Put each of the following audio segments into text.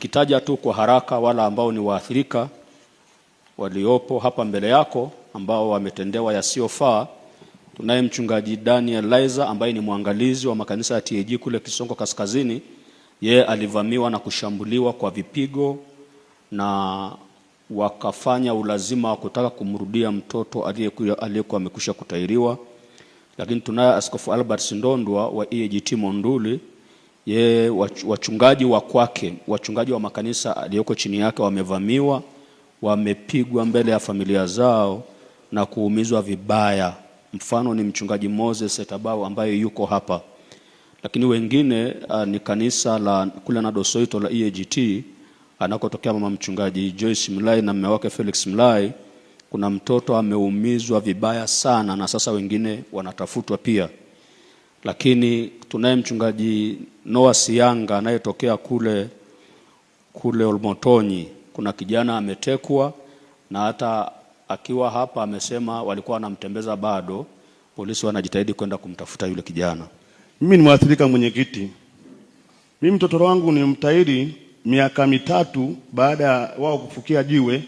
Ukitaja tu kwa haraka wala ambao ni waathirika waliopo hapa mbele yako ambao wametendewa yasiyofaa, tunaye mchungaji Daniel Laizer ambaye ni mwangalizi wa makanisa ya TAG kule Kisongo Kaskazini. Yeye alivamiwa na kushambuliwa kwa vipigo na wakafanya ulazima wa kutaka kumrudia mtoto aliyekuwa amekwisha kutairiwa. Lakini tunaye Askofu Albert Sindondwa wa EAGT Monduli ye wachungaji wa kwake, wachungaji wa makanisa aliyoko chini yake wamevamiwa, wamepigwa mbele ya familia zao na kuumizwa vibaya. Mfano ni mchungaji Moses Etabau ambaye yuko hapa, lakini wengine uh, ni kanisa la kule na Dosoito la EAGT anakotokea mama mchungaji Joyce Mlai na mume wake Felix Mlai. Kuna mtoto ameumizwa vibaya sana na sasa wengine wanatafutwa pia, lakini tunaye mchungaji Noah Sianga anayetokea kule kule Olmotonyi. Kuna kijana ametekwa na hata akiwa hapa amesema walikuwa wanamtembeza bado, polisi wanajitahidi kwenda kumtafuta yule kijana. Mimi ni mwathirika, mwenyekiti. Mimi mtoto wangu ni mtahiri, miaka mitatu baada ya wao kufukia jiwe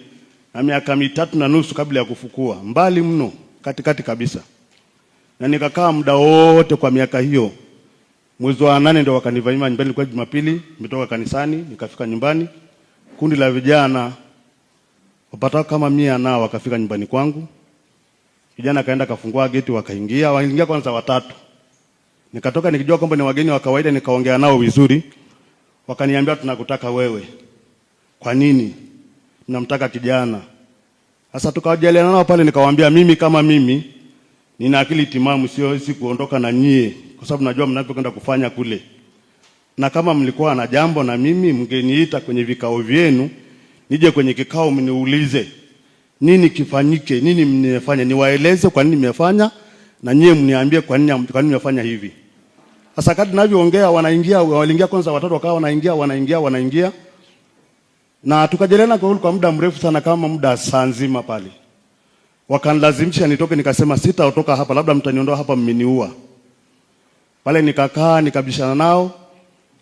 na miaka mitatu na nusu kabla ya kufukua, mbali mno, katikati kabisa, na nikakaa muda wote kwa miaka hiyo Mwezi wa nane ndio wakanivamia nyumbani, ilikuwa Jumapili, nimetoka kanisani nikafika nyumbani, kundi la vijana wapatao kama mia nao wakafika nyumbani kwangu. Vijana akaenda kafungua geti, wakaingia, waingia kwanza watatu. Nikatoka nikijua kwamba ni wageni wa kawaida, nikaongea nao vizuri, wakaniambia tunakutaka wewe. Kwa nini mnamtaka kijana? Sasa tukajaliana nao pale, nikawaambia mimi kama mimi nina akili timamu, sio si kuondoka na nyie kwa sababu najua mnavyokwenda kufanya kule, na kama mlikuwa na jambo na mimi mngeniita kwenye vikao vyenu, nije kwenye kikao mniulize nini kifanyike, nini mnifanya, niwaeleze kwa nini mmefanya, na nyie mniambie kwa nini kwa nini mmefanya hivi. Sasa kadri ninavyoongea, wanaingia waliingia kwanza watoto wakawa wanaingia wanaingia wanaingia, na tukajelena kwa kwa muda mrefu sana, kama muda saa nzima pale, wakanlazimisha nitoke, nikasema sitaotoka hapa, labda mtaniondoa hapa, mmeniua pale, nikakaa nikabishana nao.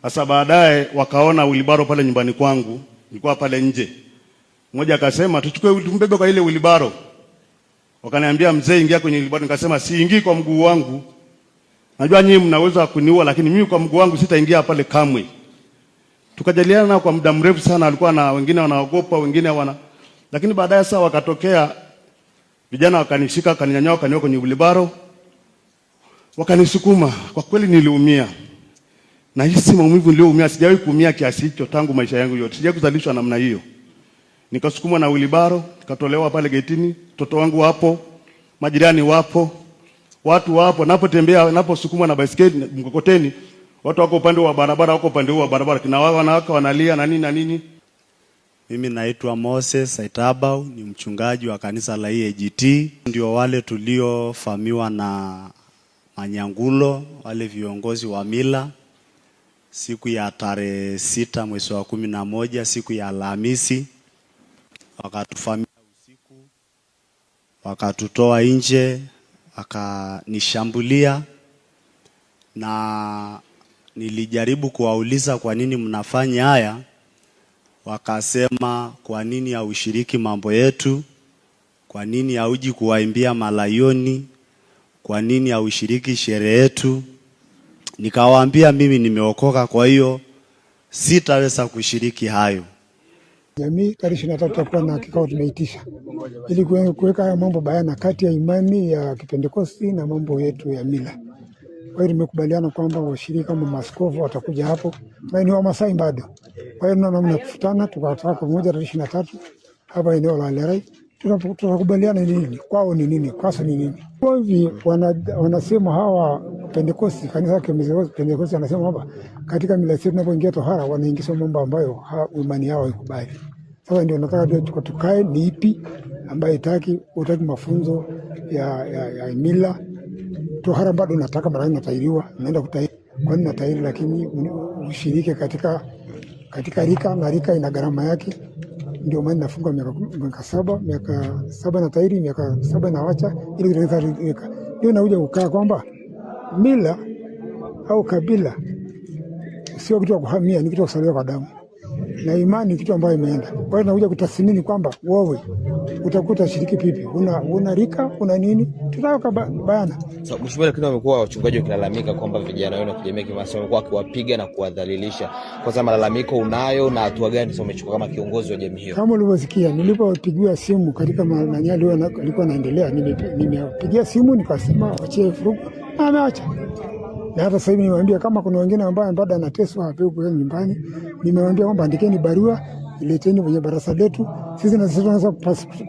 Sasa baadaye wakaona wilibaro pale nyumbani kwangu, nilikuwa pale nje. Mmoja akasema tuchukue, tumbebe kwa ile wilibaro. Wakaniambia mzee, ingia kwenye wilibaro. Nikasema siingii kwa mguu wangu, najua nyinyi mnaweza kuniua, lakini mimi kwa mguu wangu sitaingia pale kamwe. Tukajadiliana nao kwa muda mrefu sana, alikuwa na wengine wanaogopa, wengine wana lakini baadaye saa wakatokea vijana wakanishika, wakaninyanyua, wakaniweka kwenye wilibaro wakanisukuma. Kwa kweli niliumia, nahisi maumivu niliyoumia. Sijawahi kuumia kiasi hicho tangu maisha yangu yote, sijawahi kuzalishwa namna hiyo. Nikasukumwa na wilibaro, nikatolewa pale getini. mtoto wangu wapo, majirani wapo, watu wapo. Napotembea, naposukumwa na baisikeli mkokoteni, watu wako upande wa barabara, wako upande huu wa barabara, kina wanawake wanalia na nini na nini. Mimi naitwa Moses Saitabau, ni mchungaji wa kanisa la EAGT, ndio wale tuliofamiwa na Manyangulo, wale viongozi wa mila, siku ya tarehe sita mwezi wa kumi na moja siku ya Alhamisi, wakatufamia usiku, wakatutoa nje, wakanishambulia na nilijaribu kuwauliza kwa nini mnafanya haya, wakasema kwa nini haushiriki mambo yetu, kwa nini hauji kuwaimbia malayoni kwa nini haushiriki sherehe yetu? Nikawaambia mimi nimeokoka, kwa hiyo sitaweza kushiriki hayo. Jamii tarehe 23 tutakuwa na kikao tumeitisha, ili kuweka mambo bayana kati ya imani ya Kipentekosti na mambo yetu ya mila. Kwa hiyo nimekubaliana kwamba washiriki kama maaskofu watakuja hapo, na ni Wamasai bado. Kwa hiyo namna kufutana, tukakaa pamoja tarehe 23 hapa eneo la Lerai tunakubaliana nini kwao ni nini kwasa ni nini hivi wanasema hawa Pentekosti, kanisa la Pentekosti anasema kwamba katika mila zetu tunapoingia tohara wanaingiza mambo ambayo imani yao haikubali. Sasa ndio nataka tukae, ni ipi ambayo itaki utaki mafunzo ya, ya, ya mila tohara, bado nataka mara natairiwa, naenda kutairi, kwani natairi, lakini ushirike katika, katika rika na rika ina gharama yake ndio maana nafunga miaka saba miaka saba na tairi miaka saba na wacha ili iliweka ndio nakuja kukaa kwamba mila au kabila sio kitu ya kuhamia, ni kitu ya kusaliwa kwa damu na imani kitu ambayo imeenda. Kwa hiyo tunakuja kutathmini kwamba wewe utakuta shiriki pipi, una, una rika una nini, ba, bayana. So, mheshimiwa, lakini wamekuwa wachungaji wakilalamika kwamba vijana wao na kujamii wamekuwa wakiwapiga na kuwadhalilisha. Kwanza malalamiko unayo na hatua gani sasa umechukua kama kiongozi wa jamii hiyo? Kama ulivyosikia nilipopigiwa simu katika mananyali leo naendelea, nimepigia simu nikasema wachie furugu na ameacha na hata sasa hivi niwaambia, kama kuna wengine ambao bado anateswa hapo huko nyumbani, nimewaambia kwamba andikeni barua, ileteni kwenye barasa letu sisi na sisi tunaweza